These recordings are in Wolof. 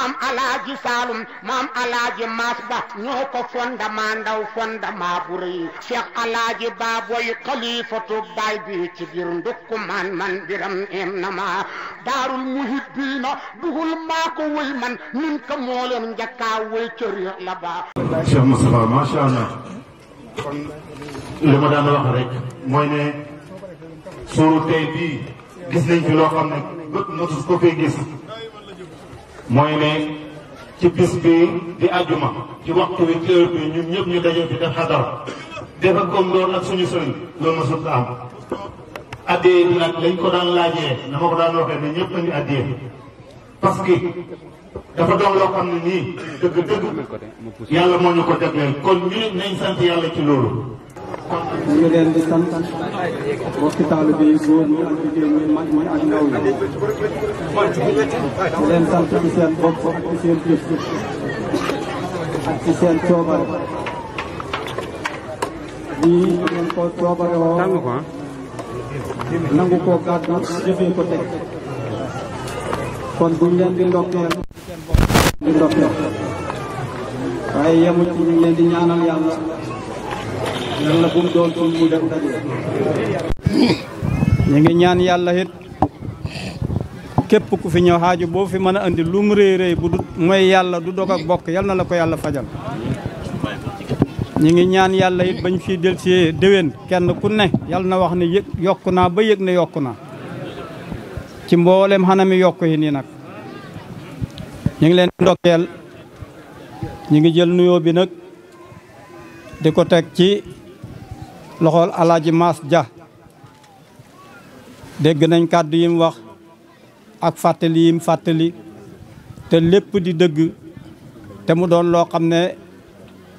maam alaaji Saalum maam alaaji Maas Ba ñoo ko fondement ndaw fondement bu rëy Cheikh Baaboy xalifatu baay ci biir ndukku man man biram em na ma daarul muhibbiina dugul maa ko wëy man min ka moo leen njëkkaa wëy cër ya la baa Cheikh Moustapha macha allah kon mooy ne suuru tey gis nañ fi loo xam ne ko fee mooy ne ci bis bi di àjjuma ci waxtu wi ci heure bi ñun ñëpp ñu daje fi def xadara def ak comme loolu ak suñu sëriñ loolu ma sut am addee bi nag lañ ko daan laajee na ma ko daan waxee ne ñëpp nañu addee parce que dafa doon loo xam ne nii dëgg dëgg yàlla moo ñu ko jagleel kon ñu nañ sant yàlla ci loolu ñu ngi leen di sant mbokki taalibe yi góor ñi ak jigéen ñi mag ñi ak ndaw ñi di leen sant ci seen bopp ak ci di ndokkeel di ndokkeel waaye yemu ci ñu yàlla bu ñu ngi ñaan yàlla it képp ku fi ñëw xaaju boo fi mën a indi lu mu rëy bu du mooy yàlla du dog ak bokk yal na la ko yàlla fajal ñu ngi ñaan yàlla it bañ fii del si déwén kenn ku ne yal na wax ne yëg yokk naa ba yëg ne yokk naa ci mboolem xanami yokk yi nii nag ñu ngi leen ndokkeel ñu ngi jël nuyoo nag di ko teg ci loxol alaaji Maas Dia dégg nañ kàddu yim wax ak fàttali yim fàttali te lépp di dëgg te mu doon loo xam ne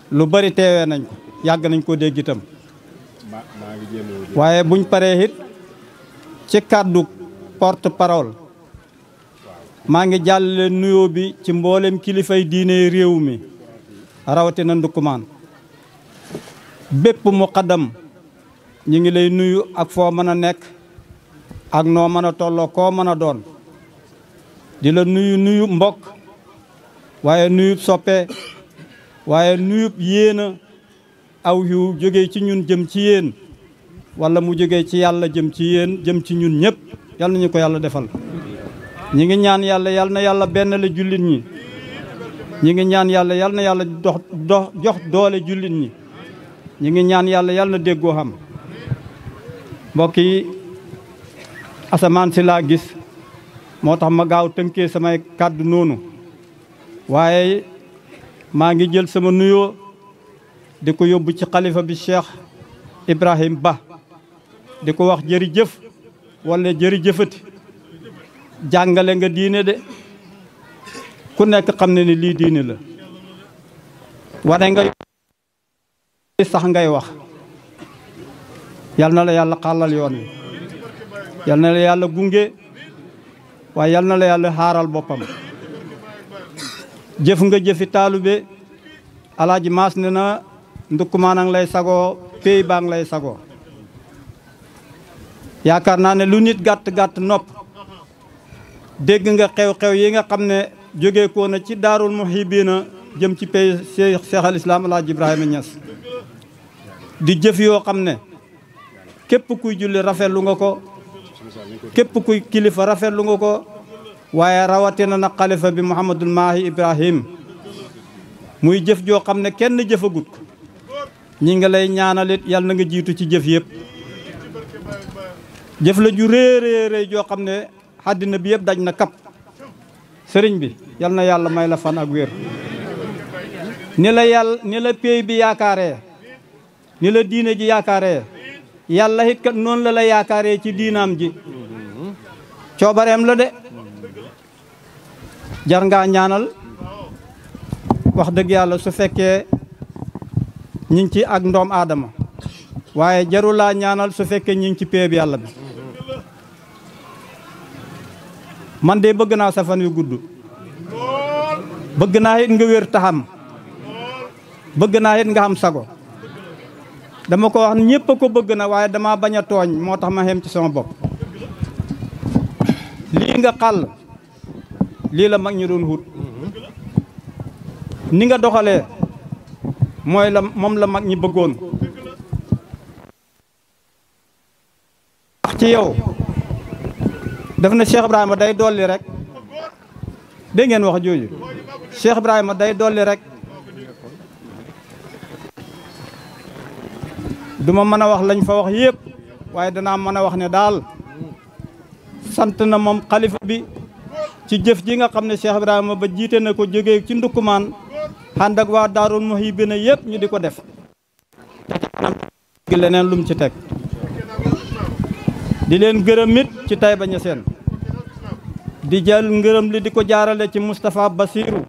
lu bari teewee nañ ko yàgg nañ ko déggitam waaye buñ paree ci kàddu porte parole maa ngi jàllale nuyoo bi ci mbooleem kilifay diine réew mi rawatina Ndoukoumane bépp mu muqaddam ñu ngi lay nuyu ak foo mën a nekk ak noo mën a tolloo koo mën a doon di la nuyu nuyu mbokk waaye nuyub soppe waaye nuyub yéena aw yu jógee ci ñun jëm ci yéen wala mu jógee ci yàlla jëm ci yéen jëm ci ñun ñëpp yal nañu ko yàlla defal ñi ngi ñaan yàlla yal na yàlla benn la jullit ñi ñi ngi ñaan yàlla yal na yàlla dox dox jox doole jullit ñi ñi ngi ñaan yàlla yal na déggoo xam mbokk yi asamaan si laa gis moo tax ma gaaw tënkee samay kàddu noonu waaye maa ngi jël sama nuyoo di ko yóbbu ci xalifa bi Cheikh Ibrahim Ba di ko wax jëf walla wala jërëjëfati jàngale nga diine de ku nekk xam ne ni lii diine la wane nga sax ngay wax yal na la yàlla xàllal yoon wi yal na la yàlla gunge waaye yal na la yàlla xaaral boppam jëf nga jëfi taalube alaaji maas ne na ndukkumaana ngi lay sagoo pey baa ngi lay sagoo yaakaar naa ne lu nit gàtt-gàtt nopp dégg nga xew-xew yi nga xam ne jóge ko na ci daarul muhibiina jëm ci pey Cheikh al Islam Ibrahima Niass di jëf yoo xam ne képp kuy julli rafetlu nga ko képp kuy kilifa rafetlu nga ko waaye rawatina na xalifa bi Mouhamadul Mahi Ibrahim muy jëf joo xam ne kenn jëfagut ko ñi nga lay ñaanalit yàlla na nga jiitu ci jëf yëpp jëf la ju réeréeréy joo xam ne àddina bi yëpp daj na kap sëriñ bi yal na yàlla may la fan ak wér ni la yàlla ni la péey bi yaakaaree ni la diine ji yaakaaree yàlla it kat noonu la la yaakaaree ci diinaam ji coobareem la de jar ngaa ñaanal wax dëgg yàlla su fekkee ñi ngi ci ak ndoom aadama waaye jarulaa ñaanal su fekkee ñi ngi ci péeb yàlla bi man de bëgg naa safan fan wi gudd bëgg naa it nga wér bëgg naa it nga am sago dama ko wax ñepp ko bëgg na waye dama baña togn motax ma xem ci sama bop li nga xal li la mag ñu doon hut ni nga doxale moy la mom la mag ñi bëggoon ci yow daf na Cheikh Ibrahima day doli rek de ngeen wax joju Cheikh Ibrahima day doli rek duma mëna wax lañ fa wax yépp waye dana mëna wax né dal sant na mom khalifa bi ci jëf ji nga xamné Cheikh Ibrahima ba jité na ko ci ndukuman ak wa darul muhibina yépp ñu diko def gi leneen lum ci tek di leen mit ci di jël ngeureum li diko jaarale ci mustafa Bassirou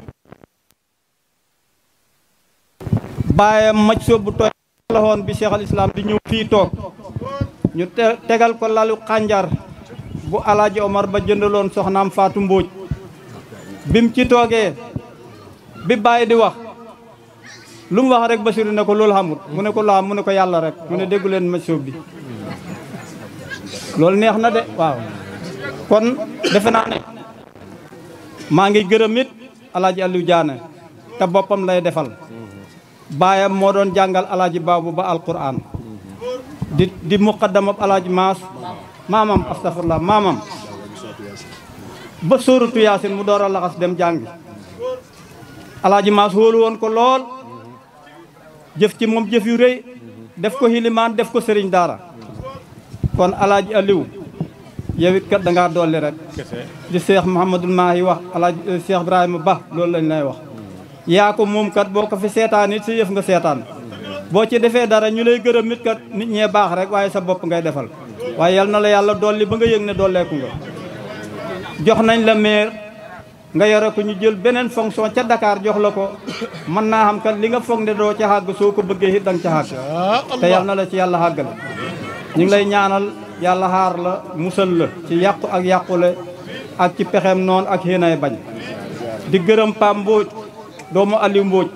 baye maj bu toy loxoon bi cheikh al islam di ñu fi tok ñu tegal ko lalu xànjar bu alaji omar ba jëndalon soxnam fatou mbóoj bim ci toogee bi baye di wax lu mu wax rek basiru ne ko lol hamut mu ne ko la mu ne ko yalla rek mu ne déggu ma bi lol neex na de waaw kon defe mangi ne ma ngi gërëm it Aliou lay defal Bayam Moron janggal alaji babu baabu ba alquran di di muqaddamab alaji mas mamam astaghfirullah mamam ba suratu yasin mu door jangi laxas dem jàngi alaji mas wóolu won ko lol jef ci mom jef yu reey def ko hiliman def ko serigne dara kon alaji aliw yewi kat da nga dolli rek di cheikh Muhammadul mahi wax alaji cheikh ibrahim Ba lol lañ lay wax yaa ko moom kat boo ko fi seetaan it si yëf nga seetaan boo ci defee dara ñu lay gërëm nit kat nit ñee baax rek waaye sa bopp ngay defal waaye yal na la yàlla dolli ba nga yëg ne dolleeku nga jox nañ la maire nga yore ko ñu jël beneen fonction ca dakaar jox la ko mën naa xam kat li nga foog ne doo ca xàgg soo ko bëggee it danga ca xàgg te yal na la ci yàlla xàggal ñu ngi lay ñaanal yàlla xaar la musal la ci yàqu ak yàqule ak ci pexeem noonu ak xéenaay bañ doomu Aliou Mbodj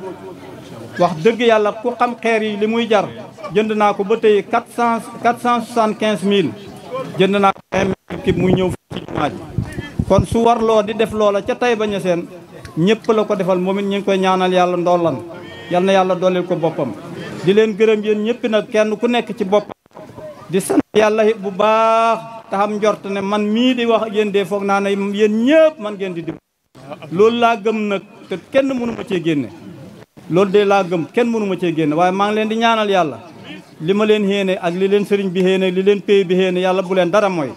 wax dëgg yàlla ku xam xeer yi li muy jar jënd naa ko ba tey quatre cent quatre cent soixante quinze mille jënd naa ko équipe muy ñëw ci jumaa ji kon su warloo di def loola ca tay bañ a seen ñëpp la ko defal moom it ñu ngi koy ñaanal yàlla ndollan yal na yàlla dooleel ko boppam di leen gërëm yéen ñëpp nag kenn ku nekk ci boppam di sant yàlla bu baax te xam njort ne man mii di wax ak dee foog naa ne yéen ñëpp man ngeen di dimbali loolu laa gëm nag te kenn mënu ma cee génne loolu de laa gëm kenn mënu ma cee génne waaye maa leen di ñaanal yàlla li ma leen xéene ak li leen sëriñ bi xéene li leen pay bi xéene yàlla bu leen dara mooy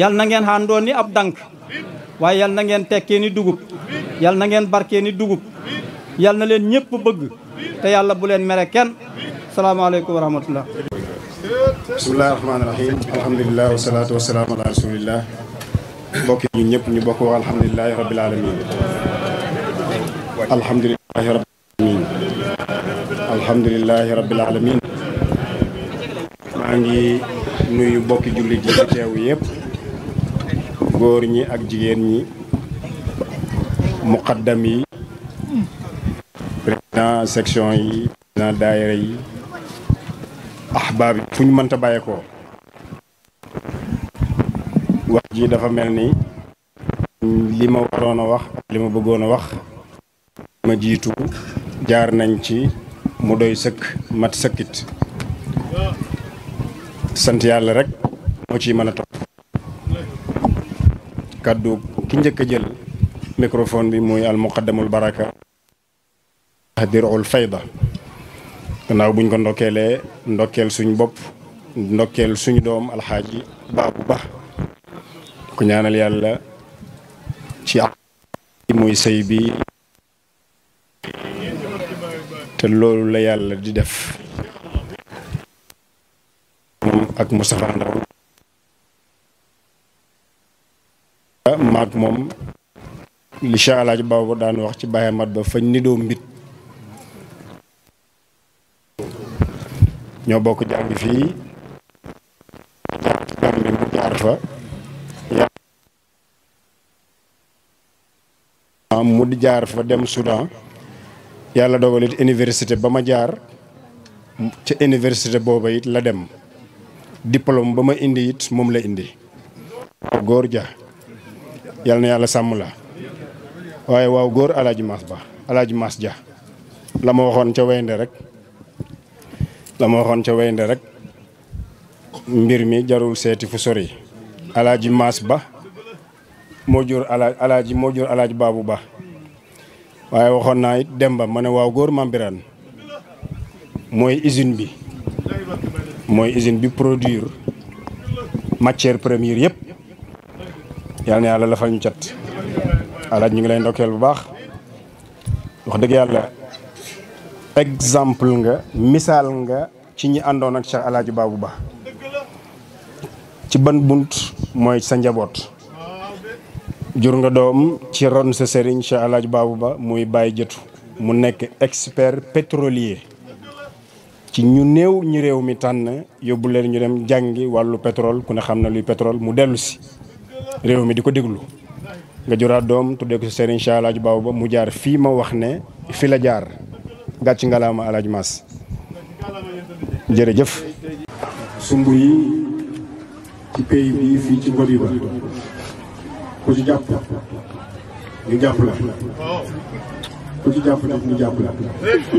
yàlla na ngeen xàndoo ni ab dànk waaye yàlla na ngeen tekkee ni dugub yàlla na ngeen barkee ni dugub yàlla na leen ñëpp bëgg te yàlla bu leen mere kenn salaamaaleykum wa rahmatullah bismillahi rahmaani rahim alhamdulilah wasalaatu wasalaamu ala rasulillah mbokk ñun ñëpp ñu bokk wax alhamdulilahi rabbil alamin alhamdulilahi rabbil alamin maa ngi nuyu bokki jullit yi teew yëpp góor ñi ak jigéen ñi muqaddam yi président section yi président yi ahbaab yi fu ñu mënta bàyyeekoo wax ji dafa mel ni li ma waroon a wax li ma bëggoon a wax ma jiitu jaar nañ ci mu doy sëkk mat sëkkit sant yàlla rek moo ci mën a topp kàddu ki njëkk a jël microphone bi muy al muqaddamul baraka dirul fayda gannaaw buñ ko ndokkeelee ndokkeel suñ bopp ndokkeel suñu doom alxaaji baabu ba ku ñaanal yàlla ci am mooy sëy bi te loolu la yàlla di def moom ak Moustapha Ndaw ah, maag moom li Cheikh Alaaji daan wax ci Baye Mat ba fañ nidoo mbit ñoo bokk jàng fii jàng fa am mu di jaar fa dem Soudan yàlla dogal it ba ma jaar ca iniversité booba it la dem diplôme ba ma indi it moom la indi góor ja yàlla na yàlla sàmm la waaye waaw góor alaaji maas ba alaaji maas ja la ma waxoon ca weynde rek la ma waxoon ca weynde rek mbir mi jarul seeti fu sori alaaji maas ba moo ala alaaj mojur moo jur alaaj baabu ba waaye waxoon naa demba ma ne waaw góor Mame usine bi mooy usine bi produire matière première yep. yal na yàlla lafal ñu cat Ala ñu ngi lay ndokkeel bu baax wax dëgg yàlla exemple nga misaal nga ci ñi àndoon ak Cheikh ba ci ban bunt mooy sa njaboot jur nga doom ci ron sa sëriñ Cheikh Alaaji Baabu Ba muy bàyyi Jëtu mu nekk expert pétrolier ci ñu néew ñu réew mi tànn yóbbu leen ñu dem jàngi wàllu pétrole ku ne xam na luy pétrole mu dellu si réew mi di ko déglu nga juraat doom tuddee ko sa sëriñ Cheikh Alaaji Baabu Ba mu jaar fii ma wax ne fi la jaar gàcc ngalaama Alaaji Maas jërëjëf sumb yi ci ci ku ci jàpp ñu jàpp la ku ci jàpp nag ñu jàpp la waaw ku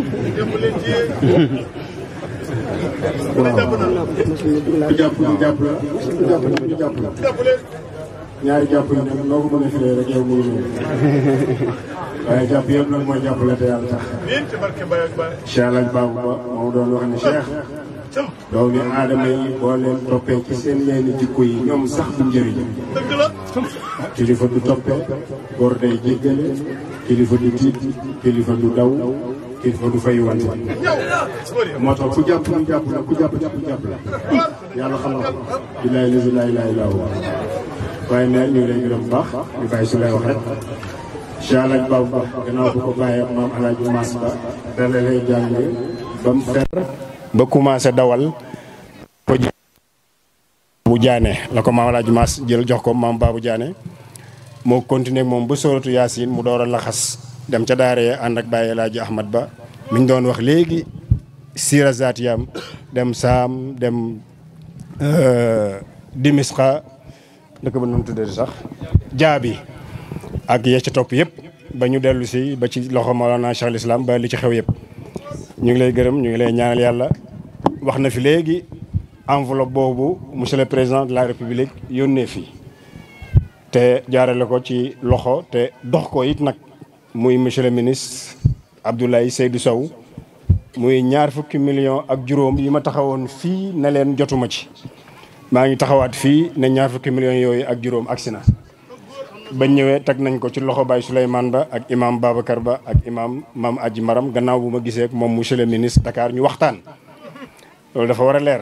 jàpp ñu jàpp la ku jàpp nag ñu jàpp la ñaari jàpp yi nag noo ko mën a firee rek yow mënu waaye jàpp yëpp nag mooy jàpp la te yàlla tax Cheikh Alaaj Baabu Ba moo doon wax ne Cheikh doomi aadama yi boo leen toppee ci seen yenn jikko yi ñoom sax bu njëriñ kilifa du toppe góor day jéggale kilifa du tiit kilifa du daw kilifa du fay wante moo tax ku jàpp ñu jàpp la ku jàpp jàpp jàpp la yàlla xam na ko bilaay lasi laay laay laa waa waaye neen ñu lay gërëm baax ñu bàyyi su lay wax rek ci alaaj baabu ba gannaaw bu ko bàyyee maam alaaj bu maas ba dala lay jàng ba mu fer ba commencé dawal bu Diané lako ko maam Alaaji Maas jël jox ko mam babu Diané mo continuer mom bu sóoratu yasin mu door la khas dem ca daara and ya ak Baye Alaaji Ahmad Ba min doon wax léegi sirazat yam dem sam dem euh, dimisqa nek ba non tuddee sax jaabi ak ya ci top yëpp ba ñu ci ba ci loxo maulana Cheikh Islam ba li ci xew yëpp ñu ngi lay gërëm ñu ngi lay ñaanal yalla waxna fi enveloppe boobu monsieur le président de la république yónnee fii te jaarale ko ci loxo te dox ko it nag muy monsieur le ministre Abdoulaye Seydou Sow muy ñaar fukki million ak juróom yi ma taxawoon fii ne leen jotuma ci maa ngi taxawaat fii ne ñaar fukki millions yooyu ak juróom agsi na bañ ñëwee teg nañ ko ci loxo Baye Souleymane Ba ak imam Babacar Ba ak imam Mame Adji Maram gannaaw bu ma gisee moom monsieur le ministre Dakar ñu waxtaan loolu dafa war a leer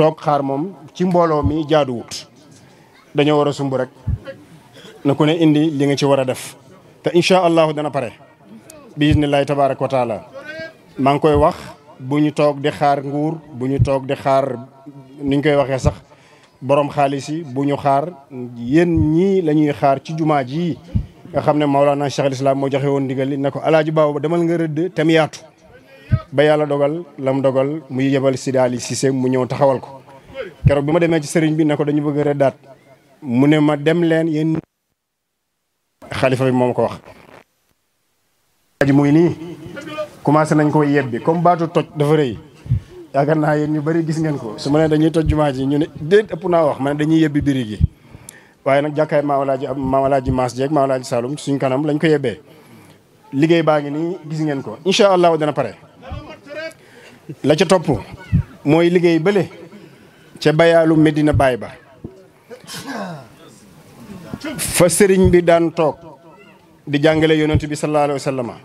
toog xaar moom ci mbooloo mi jaaduwut dañoo war a sumb rek na ku ne indi li nga ci war a def te incha allahu dana pare bi isnillahi tabaraka wa taala maa ngi koy wax bu ñu toog di xaar nguur bu ñu toog di xaar ni koy waxee sax borom xaalis yi bu ñu xaar yéen ñii la ñuy xaar ci jumaa ji nga xam ne Maolana Cheikh al Islam moo joxe woon ndigal li ko alaaji baaba demal nga rëdd tem ba yàlla dogal lam dogal muy yebal Sidaali Cissé mu ñëw taxawal ko keroog bi ma demee ci sëriñ bi ne ko dañu bëgg a reddaat mu ne ma dem leen yéen xalifa bi moom ko wax aji mu nii commencé nañ ko yebbi comme baatu toj dafa rëy yaakaar naa yéen ñu bari gis ngeen ko su ma ne dañuy toj jumaa ji ñu ne déet ëpp naa wax ma ne dañuy yebbi biri gi waaye nag jàkkaay maamalaaji maamalaaji maas jeeg maamalaaji saalum suñ kanam lañ ko yebbee liggéey baa ngi nii gis ngeen ko incha allah dana pare la ca topp mooy liggéey bële ca bayaalu Medina Baay ba fa sëriñ bi daan toog di jàngale yonent bi sallallahu alayhi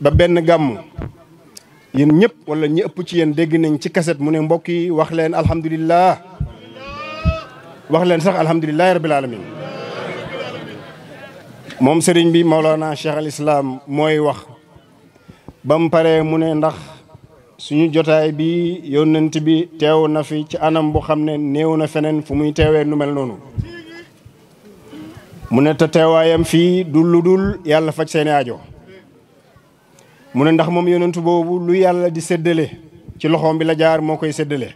ba benn gàmmu yéen ñëpp wala ñi ëpp ci yéen dégg nañ ci kaset mu ne mbokk yi wax leen alhamdulilah wax leen sax alhamdulilahi rabil alamin moom sëriñ bi Maulana Cheikh al Islam mooy wax ba mu paree mu ne ndax suñu jotaay bii yónnent bi teew na fi ci anam bu xam ne néew na feneen fu muy teewee nu mel noonu mu ne te teewaayam fii du dul yàlla faj seeni aajo mu ne ndax moom yónnentu boobu lu yàlla di séddale ci loxoom bi la jaar moo koy séddale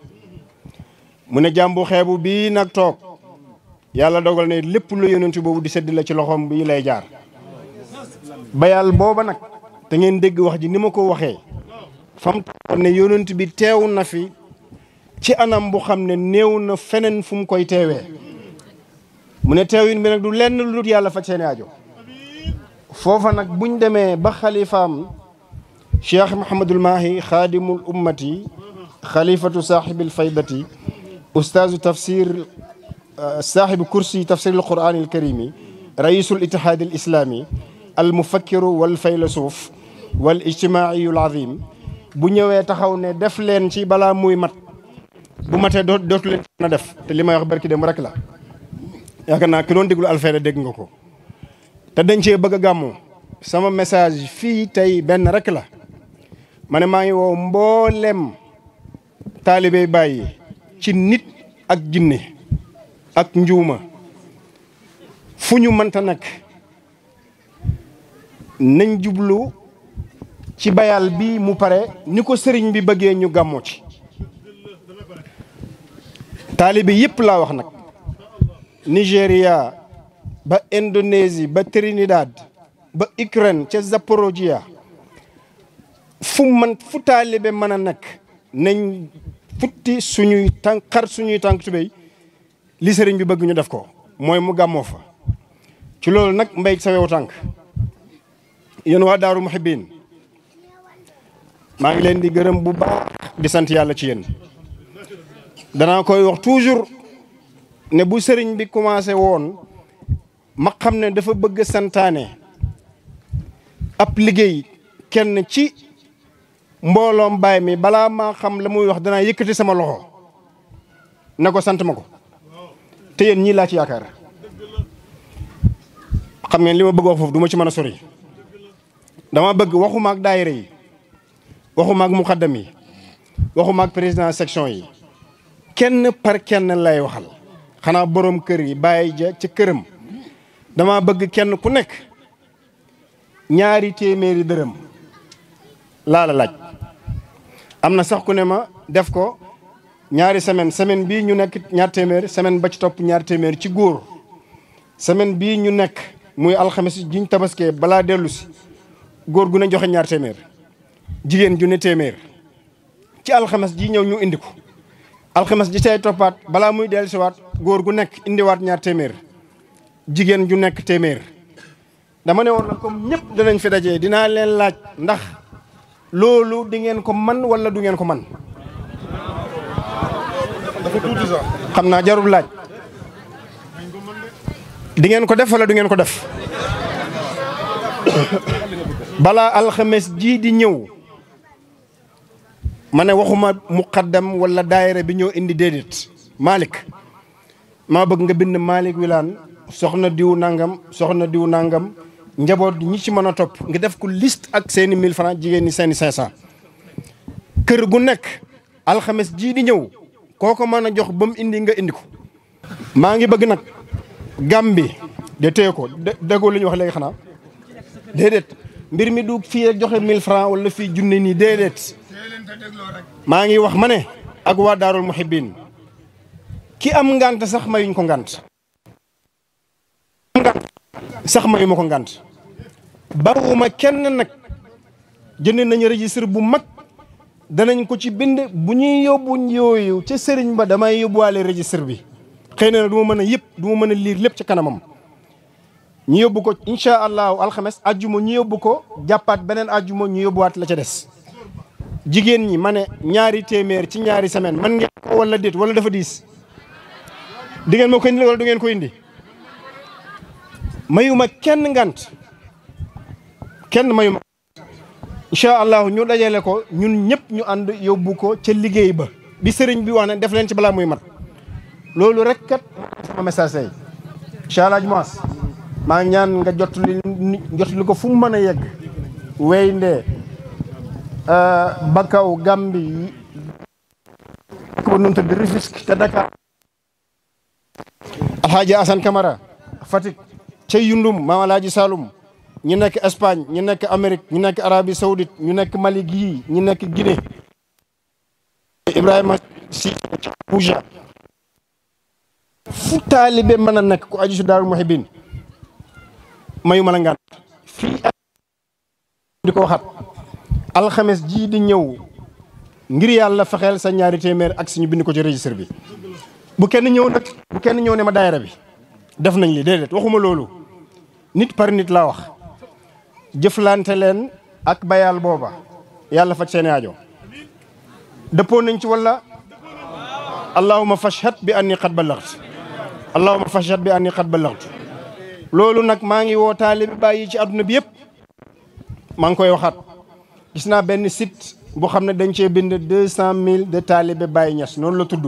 mu ne jàmbu xeebu bii nag toog yàlla dogal ne lépp lu yónnentu boobu di séddale ci loxoom bi lay jaar bayal booba nag te ngeen dégg wax ji ni ma ko waxee fam ne yonent bi teew na fi ci anam bu xam ne néew na feneen fu mu koy teewee mu ne teewin bi nag du lenn lu dul yàlla faj seen aajo foofa nag buñ demee ba xalifaam cheikh mahamadul maahi xaadimul ummati xalifatu saaxibil faydati ustaazu tafsir saaxibu kursi tafsir alquran alkarimi rayisul ittihaad alislami almufakkiru walfaylasuuf walijtimaiyu alazim bu ñëwee taxaw ne def leen ci balaa muy mat bu matee doo dootu leen mën a def te li may wax barki dem rek la yaakaar naa ki déglu Alfayda dégg nga ko te dañ cee bëgg a gàmmu sama message fii tey benn rek la ma ne maa ngi woo mboolem taalibe bàyyi ci nit ak jinne ak njuuma fu ñu mënta nag nañ jublu ci bayal bi mu pare ni ko sëriñ bi bëggee ñu gàmmoo ci taalibe yëpp laa wax nag nigeria ba Indonésie ba Trinidad ba Ukraine ca Zaporojia fu man fu taalibe mën a nekk nañ futti suñuy tànk xar suñuy tànk tubéy li sëriñ bi bëgg ñu def ko mooy mu gàmmoo fa ci loolu nag mbay sa wewu tànk yéen waa daaru muhibbin maa ngi leen di gërëm bu baax di sant yàlla ci yéen danaa koy wax toujours ne bu sëriñ bi commencé woon ma xam ne dafa bëgg santaane ab liggéey kenn ci mbooloom baay mi balaa maa xam la muy wax danaa yëkkati sama loxo na ko sant ma ko te yéen ñii laa ci yaakaar xam ne li ma bëgg wax foofu du ma ci mën a sori dama bëgg waxuma ak daayira yi waxuma ak muqaddam yi waxuma ak président section yi kenn par kenn lay waxal xanaa borom kër yi bàyyi ja ci këram dama bëgg kenn ku nekk ñaari téeméeri dërëm laa la laaj am na sax ku ne ma def ko ñaari semaine semaine bii ñu nekk ñaar téeméer semaine ba ci topp ñaar téeméer ci góor semaine bi ñu nekk muy alxames jiñ tabaskee balaa dellu si góor gu ne joxe ñaar téeméer Jigen ju ne témèr ci alxames ji ñew ñu indi ko alxames ji tay topat bala muy wat gor gu indi wat ñaar témèr jigen ju nek témèr dama ne won na comme ñëpp danañ fi dajé dina leen laaj ndax lolu di ngeen ko man wala du ngeen ko man dafa jarul laaj. di ngeen ko def wala du ngeen ko def. ji di ñew ma ne waxuma muqaddam wala daayira bi ñëw indi déedéet Malick ma bëgg nga bind Malick Wilane soxna diw nangam soxna diw nangam njaboot ñi ci mën a topp nga def ko list ak seeni mille francs jigéen ñi seeni cinq cent kër gu nekk alxames jii di ñëw koo ko mën a jox ba mu indi nga indi ko maa ngi bëgg nag gam bi de téye ko déggoo li ñu wax léegi xanaa déedéet mbir mi du fii rek joxe mille francs wala fii junne nii déedéet maa ngi wax ma ne ak waa daarul muhibbin ki am ngant sax mayuñ ko ngant sax mayu ma ko ngant bawuma kenn nag jënd nañu registre bu mag danañ ko ci bind bu ñuy yóbbu yooyu ca sëriñ ba damay yóbbuwaale registre bi xëy na du ma mën a yëpp duma mën a liir lépp ci kanamam ñu yóbbu ko incha allahu alxames ajjuma ñu yóbbu ko jàppaat beneen ajjuma ñu yóbbuwaat la ca des jigéen ñi ma ne ñaari téeméer ci ñaari semaine man ngeen ko wala déet wala dafa diis di ngeen ma ko indi wala du ngeen ko indi mayuma kenn ngant kenn mayuma incha allahu ñu dajale ko ñun ñëpp ñu ànd yóbbu ko ca liggéey ba bi sëriñ bi wax ne def leen ci balaa muy mat loolu rek kat sama message yi incha allah jumaas maa ñaan nga jot li ko fu mu mën a yegg wey ndee Euh, bakaw kaw Gàmbi ko nun tudd Rufisque te Dakar Alxaaji Asan Camara Fatick ca Maam Alaaji Saloum ñu nekk Espagne ñu nekk Amérique ñu nekk Arabie Saoudite ñu nekk Mali gii ñu nekk Guinée Ibrahima si Bouja fu taalibe mën a nekk ku aju si Daaru Muhibbin mayu ma la ngaan fii di ko alxames jii di ñëw ngir yàlla fexeel sa ñaari téeméer ak suñu bind ko ci registre bi bu kenn ñëw nag bu kenn ñëw ne ma daayira bi def nañ li déedéet waxuma loolu nit par nit laa wax jëflante leen ak bayaal booba yàlla faj seeni aajo dëppoo nañ ci wala allahuma fashhad bi anni qad ballaxt allahuma fashhad bi anni qad ballaxt loolu nag maa ngi woo taalibi bàyyi ci àdduna bi yëpp maa ngi koy waxaat gis naa benn site boo xam ne dañ cee bind deux cent mille de taalibe Baye Niass noonu la tudd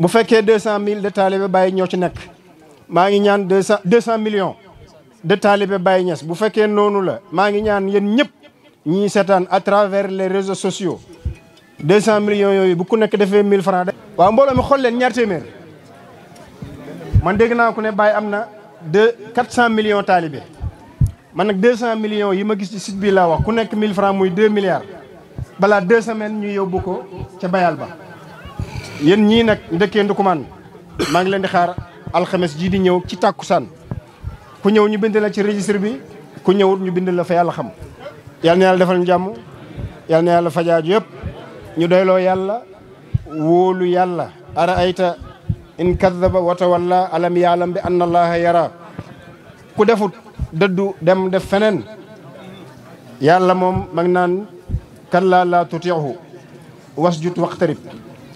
bu fekkee deux cent mille de taalibe bàyyi ñoo ci nekk maa ngi ñaan deux cent deux cent millions de taalibe Baye bu fekkee noonu la maa ngi ñaan yéen ñëpp ñi seetaan à travers les réseaux sociaux deux cent millions yooyu bu ku nekk defee mille francs waaw mbooloo mi xool leen ñaar téeméer man dégg naa ku ne Baye am na deux quatre cent millions taalibe man nag 200 millions yi ma gis ci site bi laa wax ku nekk 1000 francs muy 2 balaa 2 semaines ñu yóbbu ko ca bayal ba yéen ñii nag ndëkkee ndukumaan maa ngi leen di xaar alxames jii di ñëw ci tàkkusaan ku ñëw ñu bind la ci registre bi ku ñëwut ñu bind la fa yàlla xam yàlla na yàlla defal ñu jàmm yàlla na fajaaju yëpp ñu doyloo yàlla wóolu yàlla ara ayta in kadaba wa tawalla alam yaalam bi anna allaha yara ku defut dëddu dem def feneen yàlla moom mag naan kallaa laa tutiihu wasjud waqtarib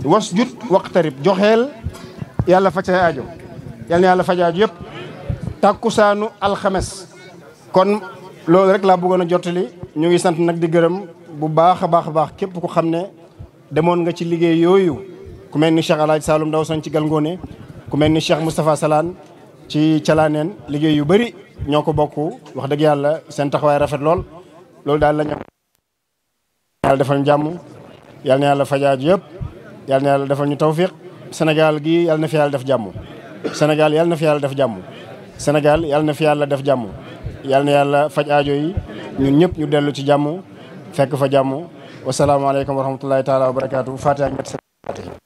wasjud waqtarib joxeel yàlla faj say aajo yal na yàlla faj aajo yëpp tàkkusaanu alxames kon loolu rek laa bëggoon a jottali ñu ngi sant nag di gërëm bu baax a baax a baax képp ku xam ne demoon nga ci liggéey yooyu ku mel ni Cheikh Alaaji Saloum Ndaw sañ ci ngoone ku mel ni Cheikh Moustapha Salaan ci Calaaneen liggéey yu bari ñoo ko bokk wax dëgg yàlla seen taxawaay rafet lool loolu daal la ñu yàlla defal jàmm yàlla na yàlla yëpp yàlla na yàlla defal ñu tawfiq senegal gi yàlla na fi yàlla def jàmm Sénégal yàlla na fi yàlla def jàmm Sénégal yàlla na fi yàlla def jàmm yàlla na yàlla faj aajo yi ñun ñëpp ñu dellu ci jàmm fekk fa jàmm wasalaamaaleykum wa rahmatullahi taala wa barakaatu fatiha ñett salaati